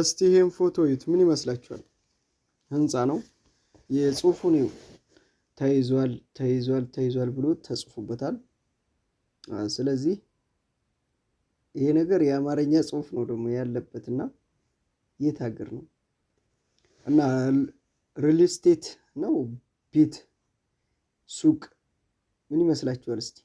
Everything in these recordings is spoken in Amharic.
እስቲ ይሄን ፎቶ እዩት። ምን ይመስላችኋል? ህንፃ ነው። ነው። ተይዟል ተይዟል ተይዟል ብሎ ተጽፎበታል። ስለዚህ ይሄ ነገር የአማርኛ ጽሁፍ ነው ደግሞ ያለበት እና የት ሀገር ነው እና ሪል ስቴት ነው ቤት ሱቅ ምን ይመስላችኋል? እስቲ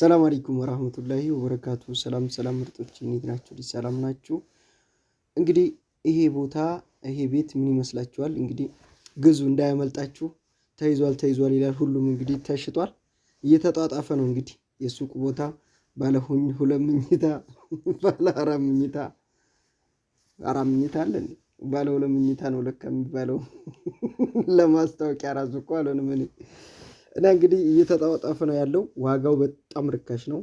ሰላም አለይኩም ወራህመቱላሂ ወበረካቱ። ሰላም ሰላም ምርጦች እንዴት ናችሁ? ሰላም ናችሁ? እንግዲህ ይሄ ቦታ ይሄ ቤት ምን ይመስላችኋል? እንግዲህ ግዙ እንዳያመልጣችሁ። ተይዟል ተይዟል ይላል። ሁሉም እንግዲህ ተሽጧል፣ እየተጧጣፈ ነው። እንግዲህ የሱቁ ቦታ ባለ ሁለት ምኝታ፣ ባለ አራት ምኝታ፣ አራት ምኝታ አለ ባለ ሁለት ምኝታ ነው ለካ የሚባለው። ለማስታወቂያ ራሱ እኮ አለን ምን እና እንግዲህ እየተጧጣፈ ነው ያለው። ዋጋው በጣም ርካሽ ነው።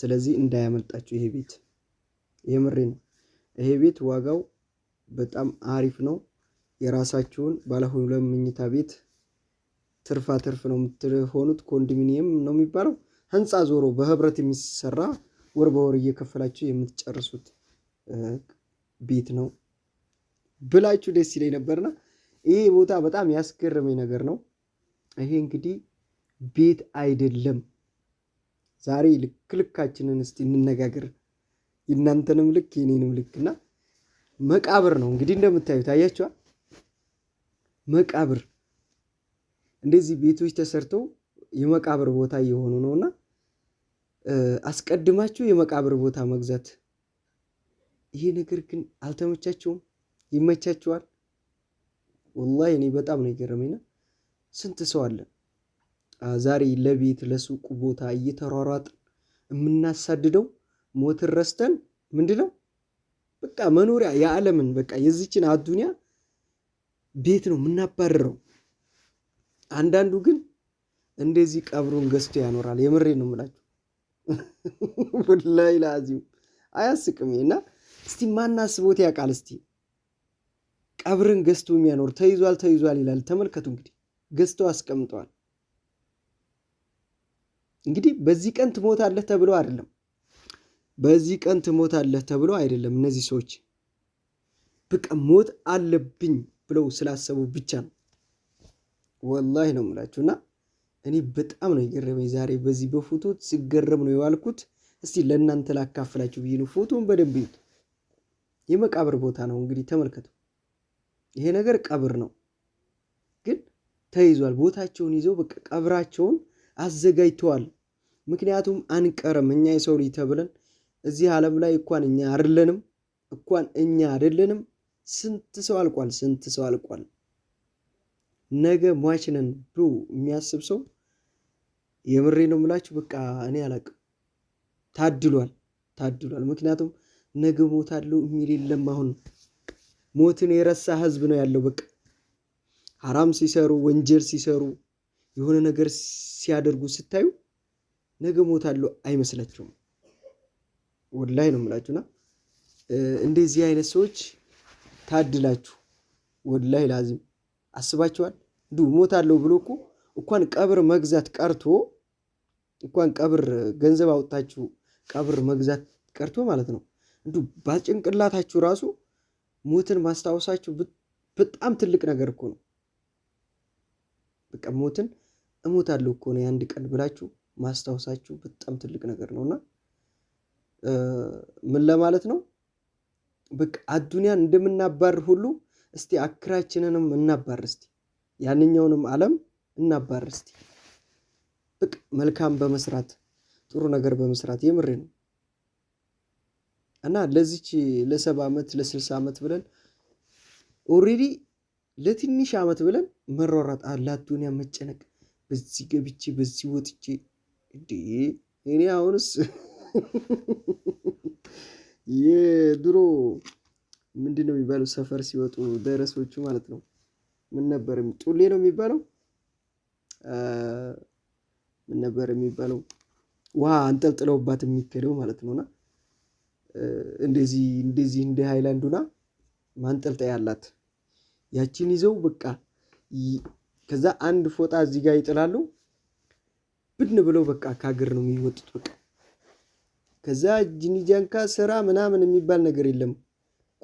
ስለዚህ እንዳያመልጣችሁ ይሄ ቤት የምሬ ነው። ይሄ ቤት ዋጋው በጣም አሪፍ ነው። የራሳችሁን ባለ ሁለት ቤት ትርፋ ትርፍ ነው የምትሆኑት። ኮንዶሚኒየም ነው የሚባለው ህንፃ ዞሮ በህብረት የሚሰራ ወር በወር እየከፈላችሁ የምትጨርሱት ቤት ነው ብላችሁ ደስ ይለኝ ነበርና ይሄ ቦታ በጣም ያስገረመኝ ነገር ነው። ይሄ እንግዲህ ቤት አይደለም። ዛሬ ልክልካችንን ስ እስቲ እንነጋገር። የእናንተንም ልክ የኔንም ልክ እና መቃብር ነው እንግዲህ እንደምታዩት አያችኋል። መቃብር እንደዚህ ቤቶች ተሰርተው የመቃብር ቦታ እየሆኑ ነው እና አስቀድማችሁ የመቃብር ቦታ መግዛት ይሄ ነገር ግን አልተመቻቸውም። ይመቻቸዋል። ወላሂ እኔ በጣም ነው የገረመኝና ስንት ሰው አለ ዛሬ ለቤት ለሱቁ ቦታ እየተሯሯጥ የምናሳድደው ሞትን ረስተን ምንድ ነው በቃ መኖሪያ የዓለምን በቃ የዚችን አዱኒያ ቤት ነው የምናባርረው። አንዳንዱ ግን እንደዚህ ቀብሩን ገዝቶ ያኖራል። የምሬ ነው የምላችሁ ወላሂ ለአዚም አያስቅም። እና እስቲ ማናስቦት ያውቃል? እስቲ ቀብርን ገዝቶ የሚያኖር ተይዟል ተይዟል ይላል። ተመልከቱ እንግዲህ ገዝተው አስቀምጠዋል። እንግዲህ በዚህ ቀን ትሞታለህ ተብሎ አይደለም በዚህ ቀን ትሞታለህ ተብሎ አይደለም። እነዚህ ሰዎች በቃ ሞት አለብኝ ብለው ስላሰቡ ብቻ ነው። ወላሂ ነው የምላችሁ። እና እኔ በጣም ነው የገረመኝ ዛሬ በዚህ በፎቶ ሲገረም ነው የዋልኩት። እስቲ ለእናንተ ላካፍላችሁ ብዬ ነው። ፎቶን በደንብ ይዩት። የመቃብር ቦታ ነው እንግዲህ ተመልከቱ። ይሄ ነገር ቀብር ነው፣ ግን ተይዟል። ቦታቸውን ይዘው በቃ ቀብራቸውን አዘጋጅተዋል። ምክንያቱም አንቀርም እኛ የሰው ልጅ ተብለን እዚህ ዓለም ላይ እኳን እኛ አይደለንም፣ እኳን እኛ አይደለንም። ስንት ሰው አልቋል፣ ስንት ሰው አልቋል። ነገ ሟችንን ብሎ የሚያስብ ሰው የምሬ ነው የምላችሁ። በቃ እኔ አላቅም። ታድሏል፣ ታድሏል። ምክንያቱም ነገ ሞታለሁ የሚል የለም። አሁን ሞትን የረሳ ህዝብ ነው ያለው። በቃ ሐራም ሲሰሩ ወንጀል ሲሰሩ የሆነ ነገር ሲያደርጉ ስታዩ ነገ አለው አይመስላችሁም። ወላሂ ነው የምላችሁና እንደዚህ አይነት ሰዎች ታድላችሁ ወላሂ ላዚም አስባችኋል። እንዲሁ ሞታለሁ ብሎ እኮ እንኳን ቀብር መግዛት ቀርቶ እንኳን ቀብር ገንዘብ አውጥታችሁ ቀብር መግዛት ቀርቶ ማለት ነው እንዲሁ በጭንቅላታችሁ ራሱ ሞትን ማስታወሳችሁ በጣም ትልቅ ነገር እኮ ነው። በቃ ሞትን እሞታለሁ እኮ ነው የአንድ ቀን ብላችሁ ማስታወሳችሁ በጣም ትልቅ ነገር ነውና ምን ለማለት ነው? በቃ አዱንያን እንደምናባር ሁሉ እስቲ አክራችንንም እናባር እስቲ ያንኛውንም ዓለም እናባር እስቲ። በቃ መልካም በመስራት ጥሩ ነገር በመስራት የምሬ ነው። እና ለዚች ለሰባ ዓመት ለስልሳ ዓመት ብለን ኦሬዲ ለትንሽ ዓመት ብለን መሯሯጥ አለ መጨነቅ በዚህ ገብቼ በዚህ ወጥቼ እንዴ እኔ አሁንስ የድሮ ምንድነው የሚባለው? ሰፈር ሲወጡ ደረሶቹ ማለት ነው። ምን ነበር ጡሌ ነው የሚባለው? ምን ነበር የሚባለው? ውሃ አንጠልጥለውባት የሚከደው ማለት ነውና እንደዚህ እንደዚህ እንደ ሃይላንዱና ማንጠልጠያ ያላት ያቺን ይዘው በቃ ከዛ አንድ ፎጣ እዚህ ጋር ይጥላሉ። ብን ብለው በቃ ከሀገር ነው የሚወጡት በቃ ከዛ ጂኒጃንካ ስራ ምናምን የሚባል ነገር የለም።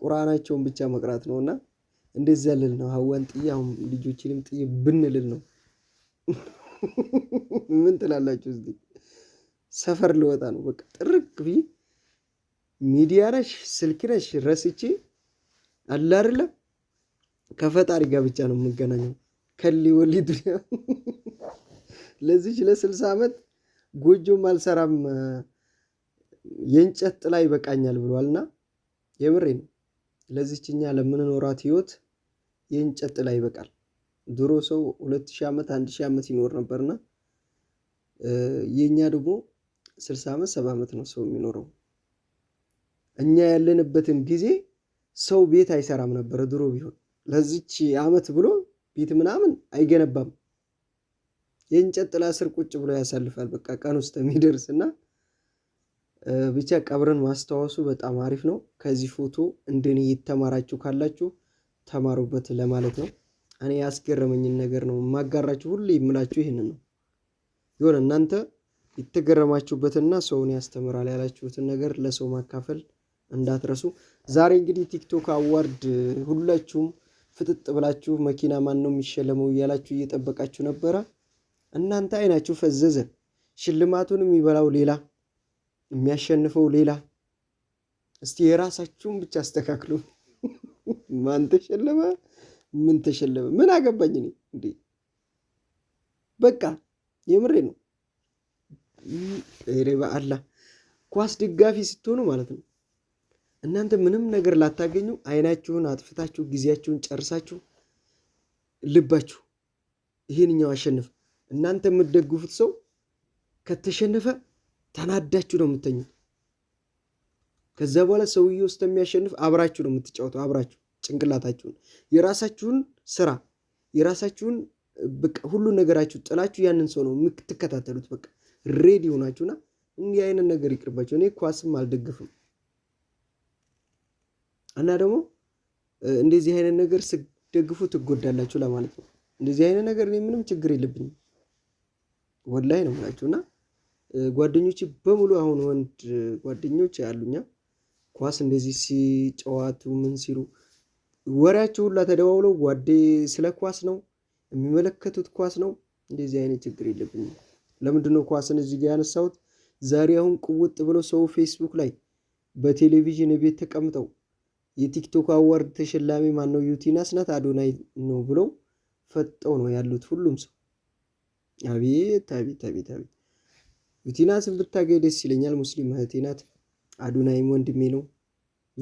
ቁርአናቸውን ብቻ መቅራት ነው። እና እንደዚያ ልል ነው ሀዋን ጥዬ አሁን ልጆችንም ጥዬ ብንልል ነው። ምን ትላላችሁ? ዚ ሰፈር ልወጣ ነው። በቃ ጥርቅ ብዬ ሚዲያ ነሽ ስልክ ነሽ ረስቼ አለ ከፈጣሪ ጋር ብቻ ነው የምገናኘው። ከሊ ወሊ ዱኒያ ለዚች ለስልሳ ዓመት ጎጆም አልሰራም። የእንጨት ጥላ ይበቃኛል ብሏልና የምሬ ነው። ለዚች ለምንኖራት ህይወት የእንጨት ጥላ ይበቃል። ድሮ ሰው ሁለት ሺህ ዓመት አንድ ሺህ ዓመት ይኖር ነበርና የእኛ ደግሞ ስልሳ ዓመት ሰባ ዓመት ነው ሰው የሚኖረው። እኛ ያለንበትን ጊዜ ሰው ቤት አይሰራም ነበረ ድሮ ቢሆን ለዚች ዓመት ብሎ ቤት ምናምን አይገነባም። የእንጨት ጥላ ስር ቁጭ ብሎ ያሳልፋል። በቃ ቀን ውስጥ የሚደርስና ብቻ ቀብርን ማስታወሱ በጣም አሪፍ ነው። ከዚህ ፎቶ እንደኔ እየተማራችሁ ካላችሁ ተማሩበት ለማለት ነው። እኔ ያስገረመኝን ነገር ነው የማጋራችሁ። ሁሌ የምላችሁ ይህንን ነው። የሆነ እናንተ የተገረማችሁበትና ሰውን ያስተምራል ያላችሁትን ነገር ለሰው ማካፈል እንዳትረሱ። ዛሬ እንግዲህ ቲክቶክ አዋርድ ሁላችሁም ፍጥጥ ብላችሁ መኪና ማን ነው የሚሸለመው እያላችሁ እየጠበቃችሁ ነበረ። እናንተ አይናችሁ ፈዘዘ። ሽልማቱን የሚበላው ሌላ የሚያሸንፈው ሌላ። እስቲ የራሳችሁን ብቻ አስተካክሉ። ማን ተሸለመ? ምን ተሸለመ? ምን አገባኝ እኔ እንዴ! በቃ የምሬ ነው። ሬ በአላ ኳስ ደጋፊ ስትሆኑ ማለት ነው እናንተ ምንም ነገር ላታገኙ አይናችሁን አጥፍታችሁ ጊዜያችሁን ጨርሳችሁ ልባችሁ ይህንኛው አሸንፍ እናንተ የምትደግፉት ሰው ከተሸነፈ ተናዳችሁ ነው የምተኙት። ከዛ በኋላ ሰውዬ ውስጥ የሚያሸንፍ አብራችሁ ነው የምትጫወተው። አብራችሁ ጭንቅላታችሁን፣ የራሳችሁን ስራ፣ የራሳችሁን ሁሉ ነገራችሁ ጥላችሁ ያንን ሰው ነው የምትከታተሉት። በቃ ሬዲ ሆናችሁና እንዲህ አይነት ነገር ይቅርባቸው። እኔ ኳስም አልደግፍም እና ደግሞ እንደዚህ አይነት ነገር ስደግፉ ትጎዳላችሁ ለማለት ነው። እንደዚህ አይነት ነገር እኔ ምንም ችግር የለብኝም ወላሂ ነው የምላችሁ እና ጓደኞች በሙሉ አሁን ወንድ ጓደኞች አሉኛ ኳስ እንደዚህ ሲጨዋቱ ምን ሲሉ ወሬያቸው ሁላ ተደዋውለው ጓዴ ስለ ኳስ ነው የሚመለከቱት ኳስ ነው። እንደዚህ አይነት ችግር የለብኝም። ለምንድነው ኳስን እዚህ ጋር ያነሳሁት? ዛሬ አሁን ቁውጥ ብሎ ሰው ፌስቡክ ላይ በቴሌቪዥን ቤት ተቀምጠው የቲክቶክ አዋርድ ተሸላሚ ማነው ዩቲናስ ናት አዶናይ ነው ብለው ፈጠው ነው ያሉት። ሁሉም ሰው አቤት አቤት አቤት አቤት ዩቲናስን ብታገኝ ደስ ይለኛል። ሙስሊም እህቴ ናት። አዱናይም ወንድሜ ነው።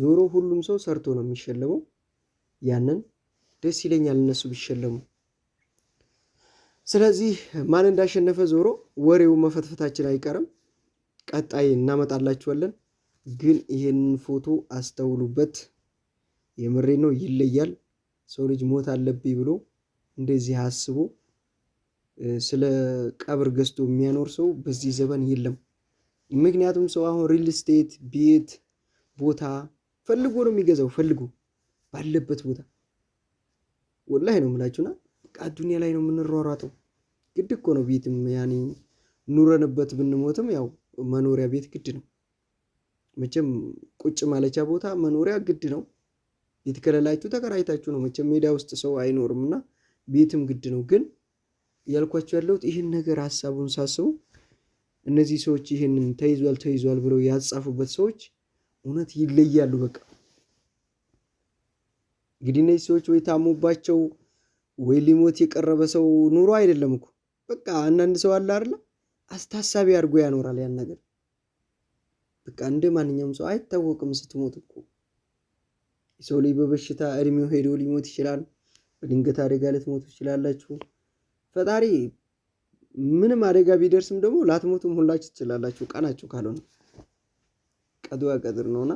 ዞሮ ሁሉም ሰው ሰርቶ ነው የሚሸለመው። ያንን ደስ ይለኛል እነሱ ቢሸለሙ። ስለዚህ ማን እንዳሸነፈ ዞሮ ወሬው መፈትፈታችን አይቀርም። ቀጣይ እናመጣላችኋለን። ግን ይህንን ፎቶ አስተውሉበት። የምሬ ነው፣ ይለያል። ሰው ልጅ ሞት አለብኝ ብሎ እንደዚህ አስቦ ስለ ቀብር ገዝቶ የሚያኖር ሰው በዚህ ዘመን የለም። ምክንያቱም ሰው አሁን ሪል ስቴት ቤት ቦታ ፈልጎ ነው የሚገዛው፣ ፈልጎ ባለበት ቦታ ወላሂ ነው የምላችሁና በቃ ዱኒያ ላይ ነው የምንሯሯጠው። ግድ እኮ ነው ቤትም ያኔ ኑረንበት ብንሞትም ያው መኖሪያ ቤት ግድ ነው መቼም። ቁጭ ማለቻ ቦታ መኖሪያ ግድ ነው። የተከለላችሁ ተከራይታችሁ ነው መቼም ሜዳ ውስጥ ሰው አይኖርም እና ቤትም ግድ ነው ግን ያልኳቸው ያለሁት ይህን ነገር ሀሳቡን ሳስቡ እነዚህ ሰዎች ይህንን ተይዟል ተይዟል ብለው ያጻፉበት ሰዎች እውነት ይለያሉ። በቃ እንግዲህ እነዚህ ሰዎች ወይ ታሙባቸው ወይ ሊሞት የቀረበ ሰው ኑሮ አይደለም እኮ በቃ አንዳንድ ሰው አለ አይደለ፣ አስታሳቢ አድርጎ ያኖራል ያን ነገር። በቃ እንደ ማንኛውም ሰው አይታወቅም ስትሞት እኮ የሰው ላይ በበሽታ እድሜው ሄዶ ሊሞት ይችላል። በድንገት አደጋ ልትሞቱ ትችላላችሁ። ፈጣሪ ምንም አደጋ ቢደርስም ደግሞ ላትሞቱም ሁላችሁ ትችላላችሁ። ቀናችሁ ካልሆነ ቀድዋ ቀድር ነውና፣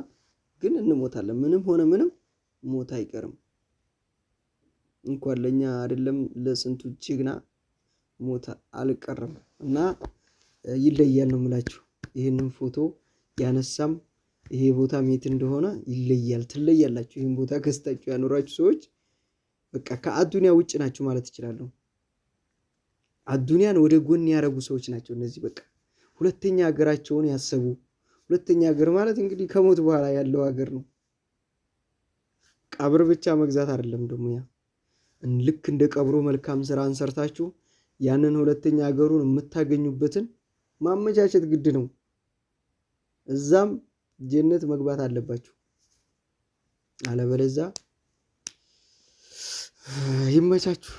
ግን እንሞታለን። ምንም ሆነ ምንም ሞት አይቀርም። እንኳን ለእኛ አይደለም ለስንቱ ጀግና ሞት አልቀርም እና ይለያል ነው የምላችሁ። ይህንን ፎቶ ያነሳም ይሄ ቦታ የት እንደሆነ ይለያል፣ ትለያላችሁ። ይህን ቦታ ገዝታችሁ ያኖራችሁ ሰዎች በቃ ከአዱኒያ ውጭ ናችሁ ማለት እችላለሁ። አዱኒያን ወደ ጎን ያረጉ ሰዎች ናቸው እነዚህ። በቃ ሁለተኛ ሀገራቸውን ያሰቡ ሁለተኛ ሀገር ማለት እንግዲህ ከሞት በኋላ ያለው ሀገር ነው። ቀብር ብቻ መግዛት አይደለም ደግሞ ያ ልክ እንደ ቀብሮ መልካም ስራን ሰርታችሁ ያንን ሁለተኛ ሀገሩን የምታገኙበትን ማመቻቸት ግድ ነው። እዛም ጀነት መግባት አለባችሁ። አለበለዛ ይመቻችሁ።